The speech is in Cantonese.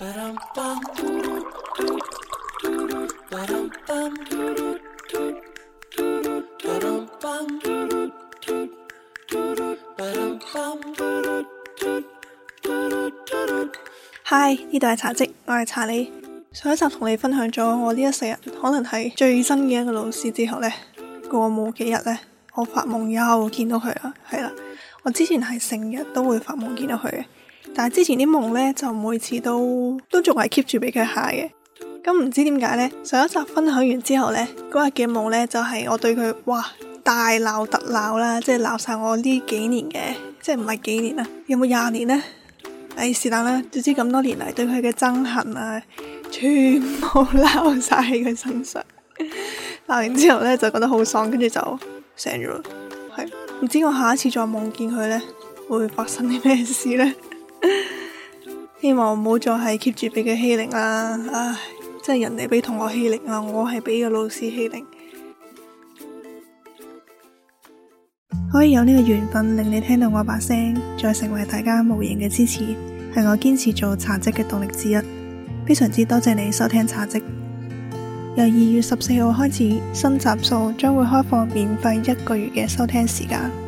Hi，呢度係茶嘖，我係查理。上一集同你分享咗我呢一世人可能係最新嘅一個老師之後呢，過冇幾日呢，我發夢又見到佢啦。係啦，我之前係成日都會發夢見到佢嘅。但係之前啲夢呢，就每次都都仲係 keep 住俾佢嚇嘅。咁、嗯、唔知點解呢？上一集分享完之後呢，嗰日嘅夢呢，就係、是、我對佢哇大鬧特鬧啦，即係鬧晒我呢幾年嘅，即係唔係幾年啊？有冇廿年呢？哎，唉，是但啦，總之咁多年嚟對佢嘅憎恨啊，全部鬧晒喺佢身上。鬧 完之後呢，就覺得好爽，跟住就醒咗啦。係唔知我下一次再夢見佢呢，會發生啲咩事呢？希望唔好再係 keep 住俾佢欺凌啦！唉，真係人哋俾同學欺凌啊，我係俾個老師欺凌。可以有呢個緣分令你聽到我把聲，再成為大家無形嘅支持，係我堅持做茶嘖嘅動力之一。非常之多謝你收聽茶嘖。由二月十四號開始，新集數將會開放免費一個月嘅收聽時間。